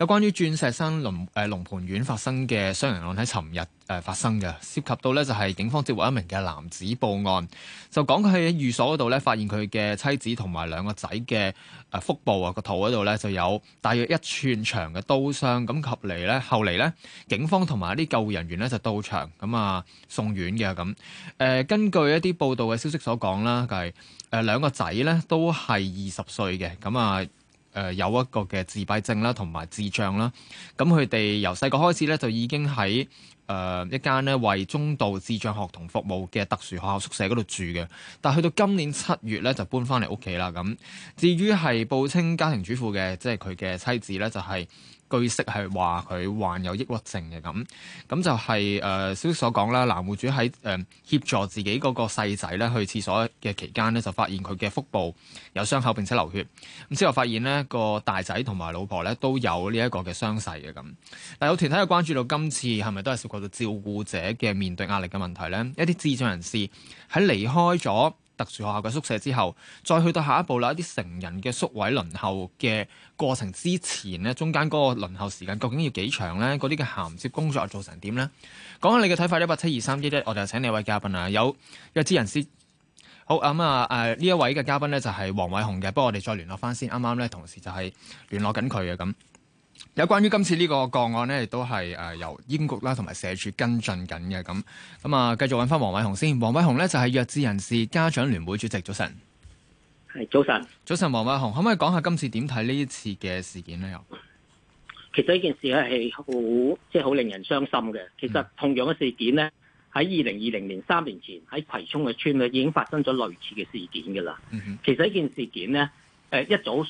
有關於鑽石山、呃、龍誒龍蟠苑發生嘅傷人案，喺尋日誒發生嘅，涉及到呢就係、是、警方接獲一名嘅男子報案，就講佢喺寓所嗰度呢，發現佢嘅妻子同埋兩個仔嘅誒腹部啊個肚嗰度呢，就有大約一寸長嘅刀傷。咁及嚟呢，後嚟呢，警方同埋一啲救護人員呢，就到場，咁啊送院嘅咁誒。根據一啲報道嘅消息所講啦，係、就、誒、是呃、兩個仔呢都係二十歲嘅，咁啊。誒、呃、有一個嘅自閉症啦，同埋智障啦，咁佢哋由細個開始咧，就已經喺誒、呃、一間呢為中度智障學童服務嘅特殊學校宿舍嗰度住嘅，但係去到今年七月咧就搬翻嚟屋企啦咁。至於係報稱家庭主婦嘅，即係佢嘅妻子咧，就係、係。據悉係話佢患有抑鬱症嘅咁，咁就係、是、誒、呃，消息所講啦。男戶主喺誒、呃、協助自己嗰個細仔咧去廁所嘅期間呢就發現佢嘅腹部有傷口並且流血。咁之後發現呢個大仔同埋老婆呢都有呢一個嘅傷勢嘅咁。但有團體又關注到今次係咪都係涉及到照顧者嘅面對壓力嘅問題呢？一啲智障人士喺離開咗。特殊學校嘅宿舍之後，再去到下一步啦，一啲成人嘅宿位輪候嘅過程之前咧，中間嗰個輪候時間究竟要幾長咧？嗰啲嘅銜接工作又做成點咧？講下你嘅睇法，一八七二三一一，我就請你一位嘉賓啊，有弱智人士。好咁、嗯、啊，誒、啊、呢一位嘅嘉賓咧就係、是、黃偉雄嘅，不過我哋再聯絡返先，啱啱咧同時就係聯絡緊佢嘅咁。有關於今次呢個個案咧，亦都係誒由英國啦同埋社署跟進緊嘅咁咁啊，繼續揾返黃偉雄先。黃偉雄咧就係弱智人士家長聯會主席。早晨，係早晨，早晨，黃偉雄，可唔可以講下今次點睇呢一次嘅事件咧？又其實呢件事咧係好即係好令人傷心嘅。其實同樣嘅事件呢，喺二零二零年三年前喺葵涌嘅村咧已經發生咗類似嘅事件嘅啦。嗯哼，其實呢件事件呢，誒一早。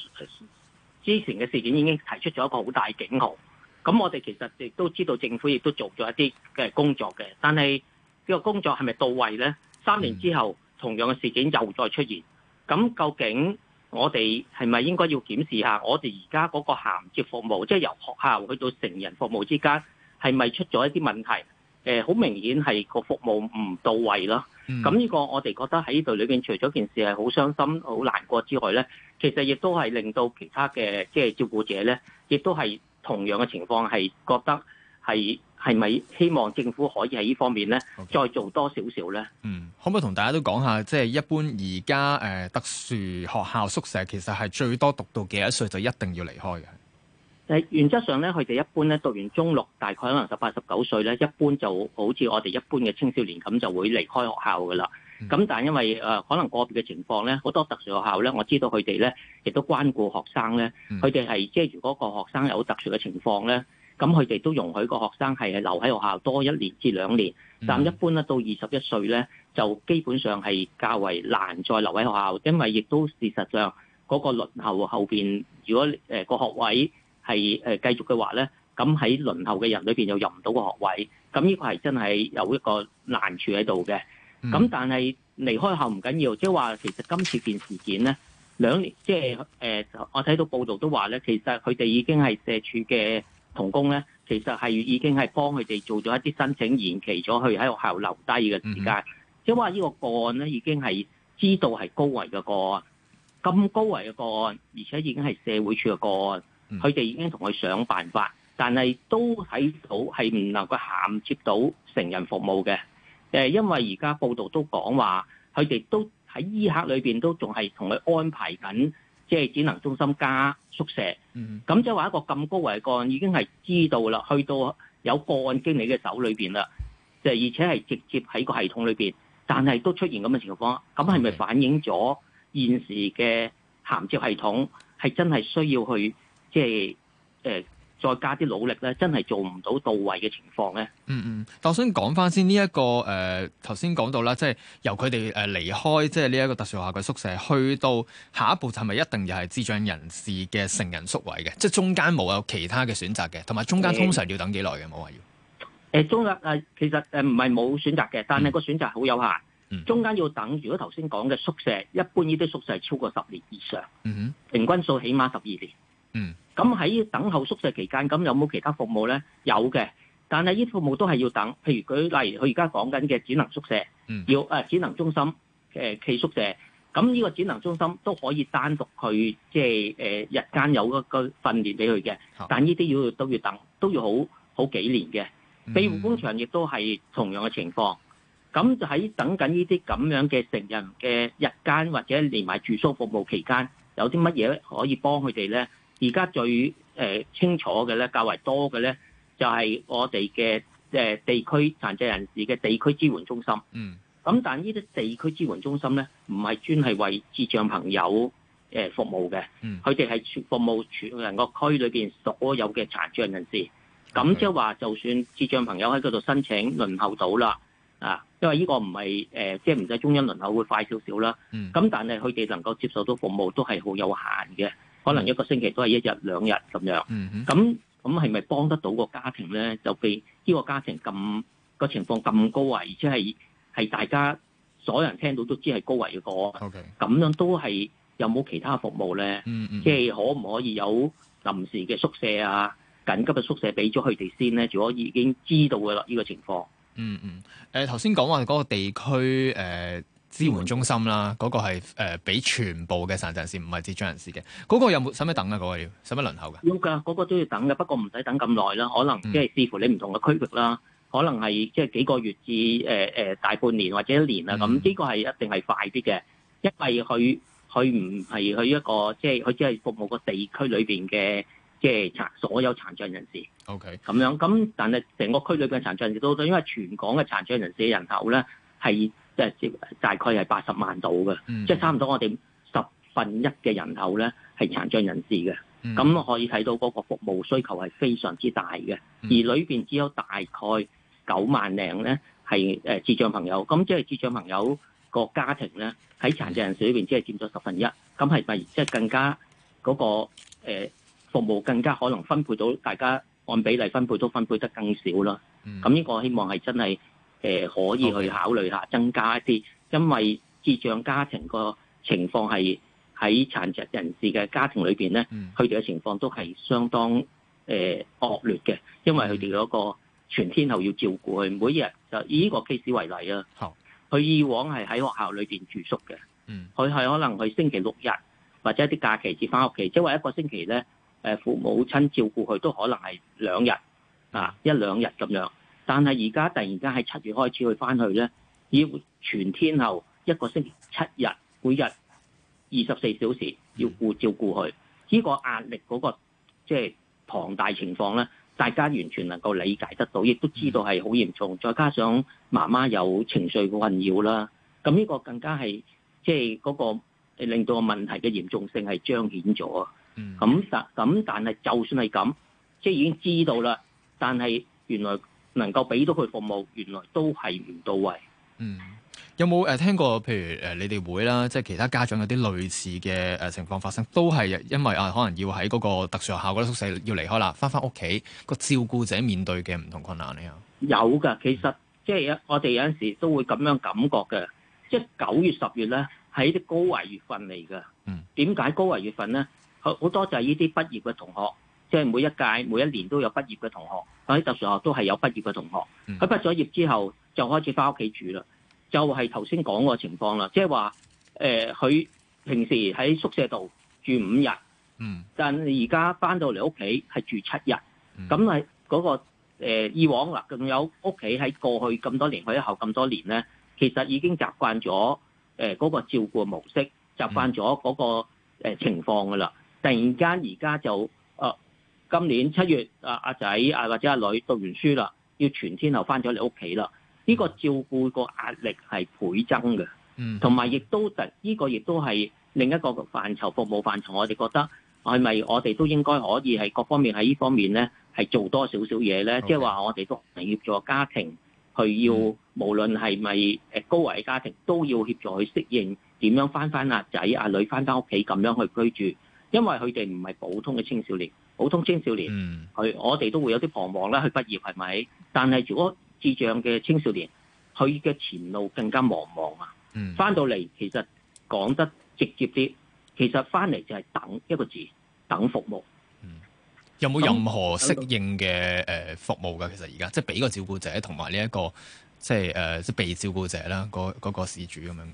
之前嘅事件已經提出咗一個好大警號，咁我哋其實亦都知道政府亦都做咗一啲嘅工作嘅，但係呢個工作係咪到位呢？三年之後同樣嘅事件又再出現，咁究竟我哋係咪應該要檢視下我哋而家嗰個銜接服務，即係由學校去到成人服務之間係咪出咗一啲問題？誒好、呃、明顯係個服務唔到位囉，咁呢個我哋覺得喺呢度裏面，除咗件事係好傷心、好難過之外咧，其實亦都係令到其他嘅即係照顧者咧，亦都係同樣嘅情況係覺得係咪希望政府可以喺呢方面咧 Okay. 再做多少少咧？嗯，可唔可以同大家都講下，即、就、係、是、一般而家誒特殊學校宿舍其實係最多讀到幾多歲就一定要離開嘅？誒原則上咧，佢哋一般咧讀完中六，大概可能十八、十九歲咧，一般就好似我哋一般嘅青少年咁，就會離開學校噶啦。咁、嗯、但係因為誒、呃、可能個別嘅情況咧，好多特殊學校咧，我知道佢哋咧亦都關顧學生咧，佢哋係即係如果個學生有特殊嘅情況咧，咁佢哋都容許個學生係留喺學校多一年至兩年。但一般咧到二十一歲咧，就基本上係較為難再留喺學校，因為亦都事實上嗰、嗰個輪候後面，如果誒個、呃、學位。係誒，繼、呃、續嘅話咧，咁喺輪候嘅人裏邊又入唔到個學位，咁呢個係真係有一個難處喺度嘅。咁、嗯、但係離開後唔緊要緊，即係話其實今次件事件咧，兩年即係誒，我睇到報道都話咧，其實佢哋已經係社署嘅同工咧，其實係已經係幫佢哋做咗一啲申請延期咗，去喺學校留低嘅時間。即係話呢個個案咧，已經係知道係高危嘅個案，咁高危嘅個案，而且已經係社會處嘅個案。佢哋已經同佢想辦法，但係都喺度係唔能夠銜接到成人服務嘅。因為而家報道都講話，佢哋都喺醫客裏面，都仲係同佢安排緊，即係展能中心加宿舍。嗯、mm，咁即係話一個咁高危個案已經係知道啦，去到有個案經理嘅手裏面啦，就而且係直接喺個系統裏面。但係都出現咁嘅情況。咁係咪反映咗現時嘅銜接系統係真係需要去？即係誒、呃，再加啲努力咧，真係做唔到到位嘅情況咧、嗯。嗯嗯，但我想講翻先呢一、這個誒，頭先講到啦，即係由佢哋誒離開即係呢一個特殊學校嘅宿舍，去到下一步係咪一定又係智障人士嘅成人宿位嘅？嗯、即係中間冇有其他嘅選擇嘅，同埋中間通常要等幾耐嘅冇話？要誒中間誒，嗯、其實誒唔係冇選擇嘅，但係個選擇好有限。嗯、中間要等。如果頭先講嘅宿舍，一般呢啲宿舍超過十年以上。嗯哼，平均數起碼十二年。嗯，咁喺等候宿舍期間，咁有冇其他服務咧？有嘅，但係呢啲服務都係要等。譬如舉例，佢而家講緊嘅展能宿舍，嗯、要誒、呃、展能中心嘅企、呃、宿舍。咁呢個展能中心都可以單獨去，即係誒日間有一個訓練俾佢嘅，好但呢啲要都要等，都要好好幾年嘅。庇護工場亦都係同樣嘅情況。咁就喺等緊呢啲咁樣嘅成人嘅日間或者連埋住宿服務期間，有啲乜嘢可以幫佢哋咧？而家最誒、呃、清楚嘅咧，較為多嘅咧，就係、是、我哋嘅誒地區殘障人士嘅地區支援中心。嗯，咁但係呢啲地區支援中心咧，唔係專係為智障朋友誒、呃、服務嘅。佢哋係服務全個區裏邊所有嘅殘障人士。咁即係話，就，就算智障朋友喺嗰度申請輪候到啦，啊，因為呢個唔係誒，即係唔使中央輪候會快少少啦。嗯，咁但係佢哋能夠接受到服務都係好有限嘅。可能一個星期都係一日兩日咁樣，咁咁係咪幫得到家呢個家庭咧？就被呢個家庭咁個情況咁高危，即係係大家所有人聽到都知係高危嘅個案。咁 Okay. 樣都係有冇其他服務咧？即係、嗯嗯、可唔可以有臨時嘅宿舍啊？緊急嘅宿舍俾咗佢哋先咧，如果已經知道嘅啦。呢個情況。嗯嗯。誒頭先講話嗰個地區誒。呃支援中心啦，嗰、嗯、個係誒俾全部嘅殘障人士，唔係智障人士嘅。嗰、嗰個有冇使唔等啊？嗰、嗰個要使乜使輪候嘅？要㗎，嗰、嗰個都要等嘅。不過唔使等咁耐啦，可能即係視乎你唔同嘅區域啦，嗯、可能係即係幾個月至誒誒、呃呃、大半年或者一年啊。咁呢、嗯、個係一定係快啲嘅，因為佢佢唔係佢一個即係佢只係服務個地區裏邊嘅即係殘所有殘障人士。OK，咁樣咁，但係成個區裏邊嘅殘障人士都好多，因為全港嘅殘障人士嘅人口咧係。即係接大概係八十萬到嘅，即係差唔多我哋十分一嘅人口咧係殘障人士嘅，咁可以睇到嗰個服務需求係非常之大嘅。而裏邊只有大概九萬零咧係誒智障朋友，咁即係智障朋友個家庭咧喺殘障人士裏邊只係佔咗十分一，咁係咪即係更加嗰個誒服務更加可能分配到大家按比例分配都分配得更少囉？咁呢個希望係真係。誒、呃、可以去考慮一下增加一啲，因為智障家庭個情況係喺殘疾人士嘅家庭裏面呢，咧、嗯，佢哋嘅情況都係相當誒惡、呃、劣嘅，因為佢哋嗰個全天候要照顧佢，每日就以呢個 case 為例啊，佢好以往係喺學校裏面住宿嘅，佢係、嗯、可能佢星期六日或者一啲假期至翻屋企，即係話一個星期咧，誒父母親照顧佢都可能係兩日、嗯、啊，一兩日咁樣。但係而家突然間喺七月開始去返去咧，要全天候一個星期七日，每日二十四小時要顧照顧佢呢、這個壓力嗰、那個即係龐大情況咧，大家完全能夠理解得到，亦都知道係好嚴重。再加上媽媽有情緒困擾啦，咁呢個更加係即係嗰個令到個問題嘅嚴重性係彰顯咗。嗯，咁但咁但係就算係咁，即係已經知道啦，但係原來。能夠俾到佢服務，原來都係唔到位。嗯，有冇誒聽過？譬如誒，你哋會啦，即係其他家長有啲類似嘅誒情況發生，都係因為啊，可能要喺嗰個特殊學校嗰啲宿舍要離開啦，返返屋企個照顧者面對嘅唔同的困難咧。有，有㗎。其實即係、即係、有，我哋有陣時都會咁樣感覺嘅。即係九月、十月咧，係啲高危月份嚟㗎。嗯，點解高危月份咧？好，好多就係呢啲畢業嘅同學。即係每一屆每一年都有畢業嘅同學，喺特殊學校都係有畢業嘅同學。佢畢咗業之後就開始翻屋企住啦，就係頭先講個情況啦。即係話誒，佢、呃、平時喺宿舍度住五日，但係而家翻到嚟屋企係住七日。咁係嗰個、呃、以往啦，仲有屋企喺過去咁多年喺校咁多年咧，其實已經習慣咗誒嗰個照顧模式，習慣咗嗰、嗰個、呃、情況㗎啦。突然間而家就～今年七月，阿阿仔阿或者阿女讀完書啦，要全天候翻咗你屋企啦。呢個照顧個壓力係倍增嘅，嗯，同埋亦都呢個亦都係另一個範疇服務範疇。我哋覺得係咪我哋都應該可以係各方面喺呢方面咧係做多少少嘢咧？Okay. 即係話我哋都協助家庭去要，嗯、無論係咪高危家庭，都要協助去適應點樣翻翻阿仔阿女翻返屋企咁樣去居住，因為佢哋唔係普通嘅青少年。普通青少年，佢、嗯、我哋都會有啲彷徨啦，佢畢業係咪？但係如果智障嘅青少年，佢嘅前路更加茫茫啊！翻、嗯、到嚟其實講得直接啲，其實翻嚟就係等一個字，等服務。嗯、有冇任何適應嘅誒服務㗎？其實而家即係俾個照顧者同埋呢一個即係誒、呃、即係被照顧者啦，嗰、嗰個事主咁樣。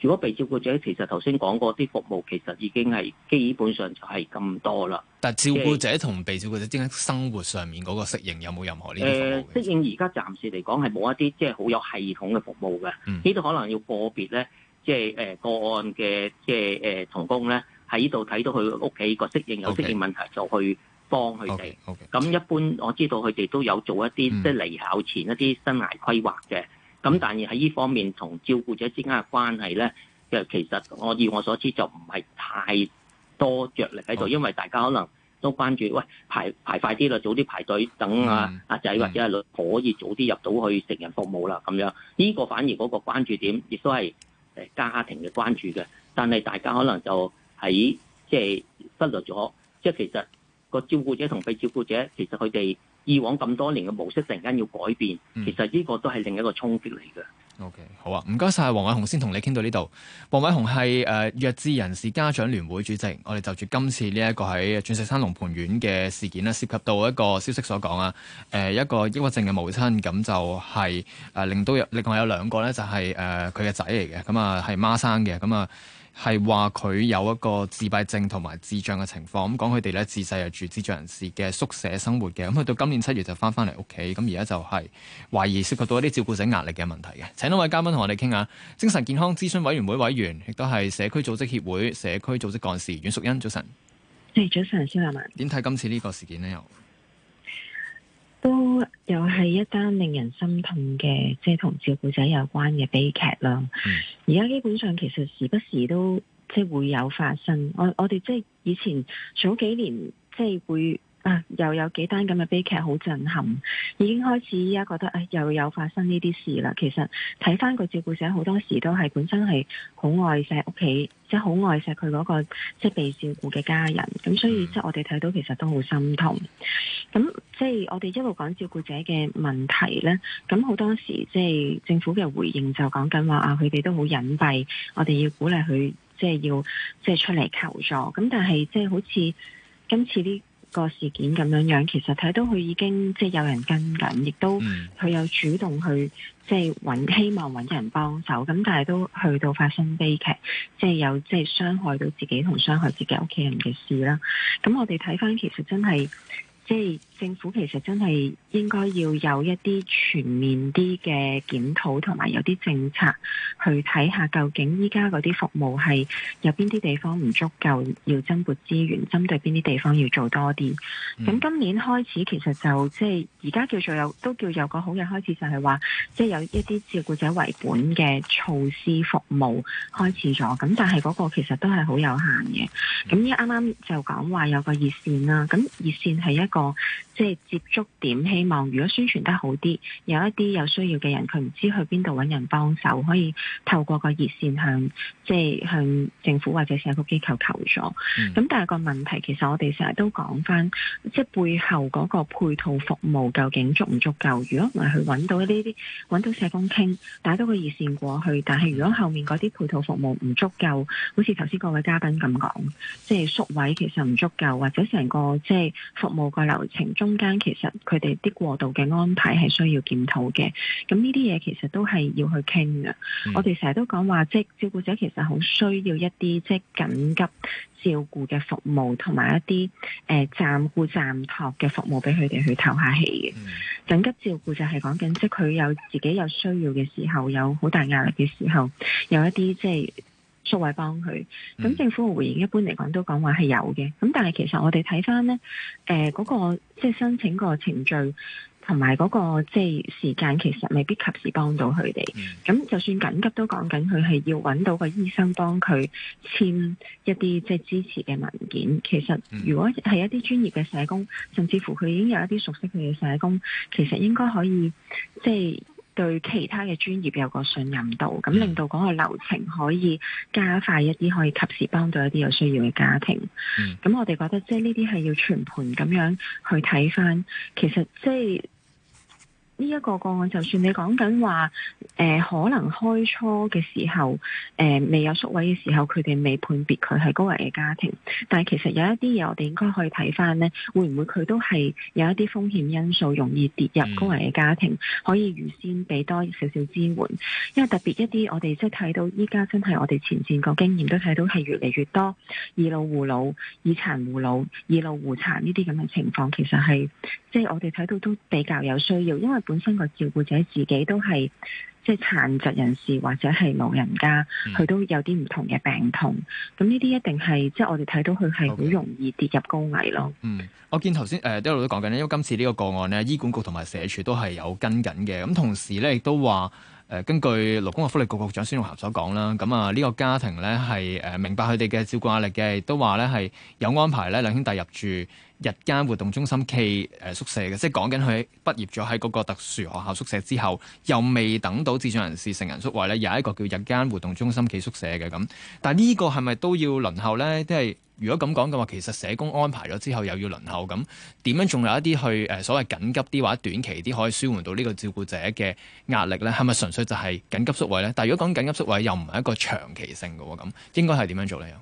如果被照顧者其實頭先講過啲服務，其實已經係基本上就係咁多啦。但照顧者同被照顧者之間生活上面嗰個適應有冇任何呢啲？誒、呃、適應而家暫時嚟講係冇一啲即係好有系統嘅服務嘅。嗯，呢度可能要個別咧，即係誒、呃、個案嘅，即係誒、呃、同工咧喺呢度睇到佢屋企個適應有適應問題，Okay. 就去幫佢哋。OK，咁 Okay. 一般我知道佢哋都有做一啲、嗯、即係離校前一啲生涯規劃嘅。咁但係喺呢方面同照顧者之間嘅關係咧，其實我以我所知就唔係太多着力喺度，哦、因為大家可能都關注，喂，排排快啲啦，早啲排隊等啊阿仔、嗯、或者阿女可以早啲入到去成人服務啦咁、嗯、樣。呢、呢個反而嗰個關注點亦都係誒家庭嘅關注嘅，但係大家可能就喺即係忽略咗，即、就、係、是就是、其實個照顧者同被照顧者其實佢哋。以往咁多年嘅模式突然間要改變，嗯、其實呢個都係另一個衝擊嚟嘅。OK，好啊，唔該晒，黃偉雄，先同你傾到呢度。黃偉雄係誒弱智人士家長聯會主席。我哋就住今次呢一個喺鑽石山龍蟠苑嘅事件咧，涉及到一個消息所講啊，誒、呃、一個抑鬱症嘅母親，咁就係、是、誒、呃、令到，另外有兩個咧就係誒佢嘅仔嚟嘅，咁啊係孖生嘅，咁、嗯、啊。嗯係話佢有一個自閉症同埋智障嘅情況，咁講佢哋咧自細就住智障人士嘅宿舍生活嘅，咁去到今年七月就返返嚟屋企，咁而家就係懷疑涉及到一啲照顧者壓力嘅問題嘅。請多位嘉賓同我哋傾下，精神健康諮詢委員會委員，亦都係社區組織協會社區組織幹事阮淑茵早晨。係早晨，先生問點睇今次呢個事件呢？又？都又係一單令人心痛嘅，即係同照顧者有關嘅悲劇啦。而家、mm. 基本上其實時不時都即係、就是、會有發生。我我哋即係以前早幾年即係、就是、會。啊、又有幾單咁嘅悲劇，好震撼，已經開始依家覺得，哎，又有發生呢啲事啦。其實睇返個照顧者好多時都係本身係好愛錫屋企，即係好愛錫佢嗰個即係、就是、被照顧嘅家人。咁所以即係、就是、我哋睇到其實都好心痛。咁即係我哋一路講照顧者嘅問題呢。咁好多時即係、就是、政府嘅回應就講緊話啊，佢哋都好隱蔽，我哋要鼓勵佢即係要即係、就是、出嚟求助。咁但係即係好似今次呢，個事件咁樣樣，其實睇到佢已經即係有人跟緊，亦都佢有主動去即係希望揾人幫手，咁但係都去到發生悲劇，即係有即係傷害到自己同傷害自己屋企人嘅事啦。咁我哋睇翻其實真係。即係政府其實真係應該要有一啲全面啲嘅檢討，同埋有啲政策去睇下究竟依家嗰啲服務係有邊啲地方唔足夠，要增撥資源，針對邊啲地方要做多啲。咁今年開始其實就即係而家叫做有，都叫有個好嘅開始，就係話即係有一啲照顧者為本嘅措施服務開始咗。咁但係嗰個其實都係好有限嘅。咁呢，啱啱就講話有個熱線啦，咁熱線係一個個即係接觸點，希望如果宣傳得好啲，有一啲有需要嘅人，佢唔知去邊度揾人幫手，可以透過個熱線向即係向政府或者社區機構求助。咁、嗯、但係個問題，其實我哋成日都講翻，即係背後嗰個配套服務究竟足唔足夠？如果唔係去揾到呢啲揾到社工傾，打到個熱線過去，但係如果後面嗰啲配套服務唔足夠，好似頭先各位嘉賓咁講，即係宿位其實唔足夠，或者成個即係服務個。流程中間其實佢哋啲過渡嘅安排係需要檢討嘅，咁呢啲嘢其實都係要去傾嘅。Mm. 我哋成日都講話，即係照顧者其實好需要一啲即係緊急照顧嘅服務同埋一啲誒暫顧暫托嘅服務俾佢哋去透下氣嘅。緊急、mm. 照顧就係講緊，即係佢有自己有需要嘅時候，有好大壓力嘅時候，有一啲即係。素位幫佢，咁政府嘅回應一般嚟講都講話係有嘅，咁但係其實我哋睇翻呢，誒、呃、嗰、那個即係、就是、申請個程序同埋嗰個即係、就是、時間，其實未必及時幫到佢哋。咁、嗯、就算緊急都講緊，佢係要揾到個醫生幫佢簽一啲即係支持嘅文件。其實如果係一啲專業嘅社工，甚至乎佢已經有一啲熟悉佢嘅社工，其實應該可以即係。就是對其他嘅專業有個信任度，咁令到嗰個流程可以加快一啲，可以及時幫到一啲有需要嘅家庭。咁、嗯、我哋覺得即係呢啲係要全盤咁樣去睇翻，其實即係。呢一個個案，就算你講緊話，誒、呃、可能開初嘅時候，誒、呃、未有宿位嘅時候，佢哋未判別佢係高危嘅家庭，但係其實有一啲嘢我哋應該可以睇翻呢，會唔會佢都係有一啲風險因素容易跌入高危嘅家庭，可以預先俾多少少支援，因為特別一啲我哋即係睇到依家真係我哋前線個經驗都睇到係越嚟越多，以老護老、以殘護老、以老護殘呢啲咁嘅情況，其實係即係我哋睇到都比較有需要，因為。本身個照顧者自己都係即係殘疾人士或者係老人家，佢、嗯、都有啲唔同嘅病痛，咁呢啲一定係即係我哋睇到佢係好容易跌入高危咯、okay. 嗯。嗯，我見頭先誒一路都講緊咧，因為今次呢個個案咧，醫管局同埋社署都係有跟緊嘅，咁同時咧亦都話。誒根據勞工及福利局局長孫玉菡所講啦，咁啊呢個家庭咧係誒明白佢哋嘅照顧壓力嘅，都話咧係有安排咧兩兄弟入住日間活動中心暨誒宿舍嘅，即係講緊佢畢業咗喺嗰個特殊學校宿舍之後，又未等到智障人士成人宿位咧，有一個叫日間活動中心暨宿舍嘅咁。但係呢個係咪都要輪候咧？即係？如果咁講嘅話，其實社工安排咗之後又要輪候，咁點樣仲有一啲去誒所謂緊急啲或者短期啲可以舒緩到呢個照顧者嘅壓力咧？係咪純粹就係緊急宿位咧？但如果講緊急宿位，又唔係一個長期性嘅喎，咁應該係點樣做咧？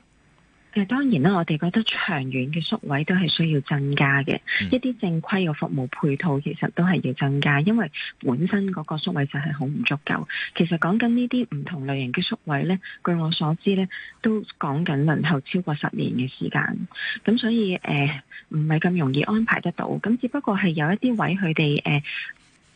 誒當然啦，我哋覺得長遠嘅宿位都係需要增加嘅，嗯、一啲正規嘅服務配套其實都係要增加，因為本身嗰個宿位就係好唔足夠。其實講緊呢啲唔同類型嘅宿位呢，據我所知呢，都講緊輪候超過十年嘅時間，咁所以誒唔係咁容易安排得到。咁只不過係有一啲位，佢哋誒。呃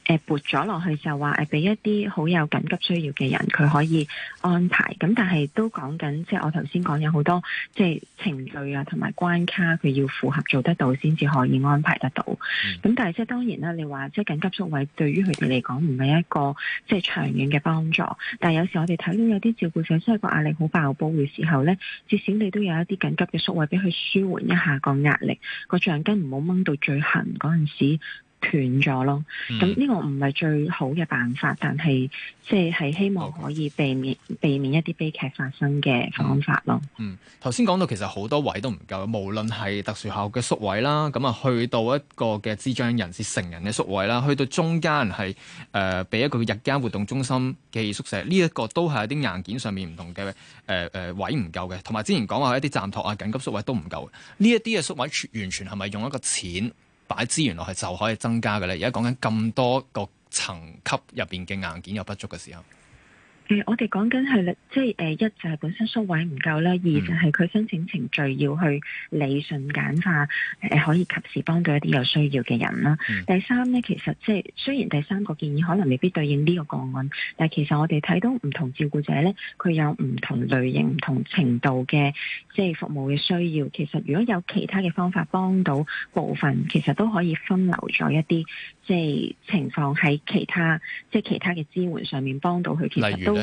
誒，撥咗落去就話誒，俾、啊、一啲好有緊急需要嘅人，佢可以安排。咁但係都講緊，即係我頭先講有好多即係程序啊，同埋關卡，佢要符合做得到先至可以安排得到。咁、嗯、但係即係當然啦，你話即係緊急宿位對於，對於佢哋嚟講唔係一個即係長遠嘅幫助。但係有時我哋睇到有啲照顧者真係個壓力好爆煲嘅時候呢，至少你都有一啲緊急嘅宿位俾佢舒緩一下個壓力，個橡筋唔好掹到最痕嗰陣時。斷咗咯，咁呢個唔係最好嘅辦法，但係即係希望可以避免 Okay. 避免一啲悲劇發生嘅方法咯、嗯。嗯，頭先講到其實好多位都唔夠，無論係特殊學校嘅宿位啦，咁啊去到一個嘅智障人士成人嘅宿位啦，去到中間係誒俾一個日間活動中心嘅宿舍，呢、這、一個都係一啲硬件上面唔同嘅、呃呃、位唔夠嘅，同埋之前講話一啲暫託啊緊急宿位都唔夠，呢一啲嘅宿位完全係咪用一個錢？擺資源落去就可以增加㗎咧，而家講緊咁多個層級入面嘅硬件有不足嘅時候。嗯，我哋講緊係喇，即係誒一就係本身宿位唔夠啦，二就係佢申請程序要去理順簡化，誒可以及時幫到一啲有需要嘅人啦。嗯，第三呢，其實即係雖然第三個建議可能未必對應呢個個案，但係其實我哋睇到唔同照顧者呢，佢有唔同類型、唔同程度嘅即係服務嘅需要。其實如果有其他嘅方法幫到部分，其實都可以分流咗一啲即係情況喺其他即係其他嘅支援上面幫到佢。其實都。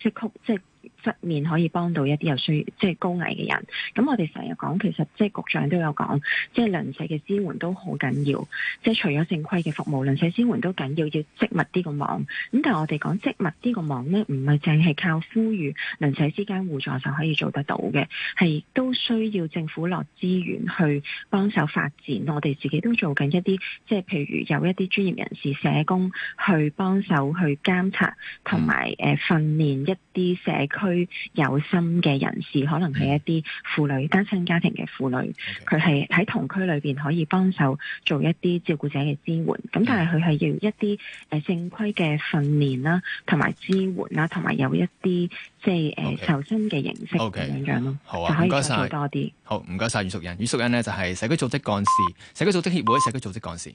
即係，即係。側面可以幫到一啲有需要即係高危嘅人。咁我哋成日講，其實即係局長都有講，即係鄰舍嘅支援都好緊要。即係除咗正規嘅服務，鄰舍支援都緊要，要織密啲個網。咁但係我哋講織密啲個網呢，唔係淨係靠呼籲鄰舍之間互助就可以做得到嘅，係都需要政府落資源去幫手發展。我哋自己都做緊一啲，即係譬如有一啲專業人士社工去幫手去監察同埋誒訓練一啲社區有心嘅人士，可能係一啲婦女、嗯、單身家庭嘅婦女，佢係喺同區裏邊可以幫手做一啲照顧者嘅支援。咁、嗯、但係佢係要一啲誒正規嘅訓練啦，同埋支援啦，同埋有一啲即係誒投身嘅形式咁 Okay. 樣咯。Okay. 樣好啊，唔該晒。多啲好，唔該晒阮淑茵。阮淑茵呢就係社區組織幹事，社區組織協會社區組織幹事。